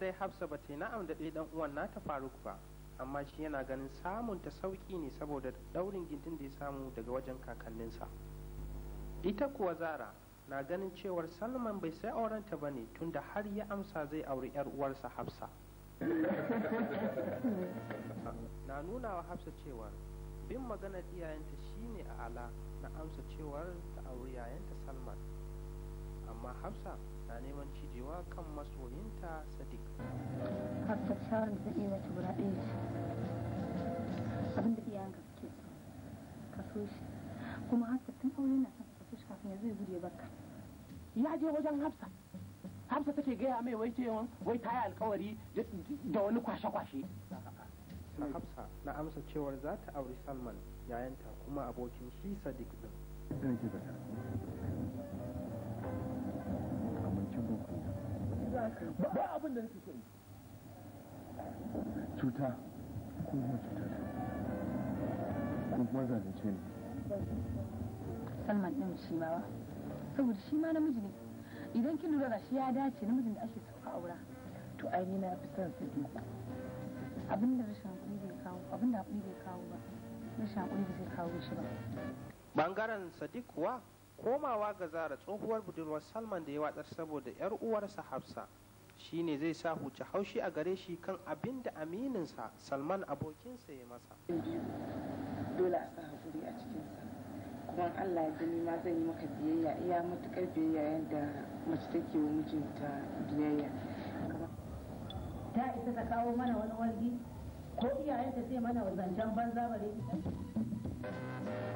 dai hafsa ba ta na'am da ɗaya uwan nata faruk ba amma shi yana ganin samun ta sauƙi ne saboda ɗaurin gindin da ya samu daga wajen kakanninsa ita kuwa zara na ganin cewar salman bai sai aurenta ba ne tunda har ya amsa zai auri 'yar uwarsa hafsa na nuna wa hafsa cewar bin maganar iyayenta shine a ala na amsa cewar ta auri yayanta salman amma hafsa na neman cijewa kan masoyinta shawarar zan iya wata guda ɗaya ce abin da iyayen ka suke ka so shi kuma hafsa tun aure na son ka so shi kafin ya zai gudu ya barka ya je wajen hafsa hafsa take gaya mai wai cewa wai ta yi alkawari da wani kwashe-kwashe na hafsa na amsa cewar za ta auri salman yayanta kuma abokin shi sadiq din ba abin da nake so cuta ko kuma cuta ta ko kuma zalunce ne salman ɗin shi ma ba saboda shi ma namiji ne idan kin lura shi ya dace namijin da ake sauka aura to ai ni na fi son su duk abinda rashin hakuri bai kawo da hakuri zai kawo ba rashin hakuri bai kawo shi ba bangaren sadiq kuwa komawa ga zara tsohuwar budurwar salman da ya watsar saboda yar uwarsa hafsa shi ne zai sa huce haushi a gare shi kan abin da amininsa salman abokinsa ya masa dole a sa hakuri a cikinsa kuma allah ya gani ma zan yi maka biyayya iya matukar biyayya yadda mace take wa mijinta biyayya ta isa ta kawo mana wani wargi ko iyayenta sai mana wazancen banza bare ita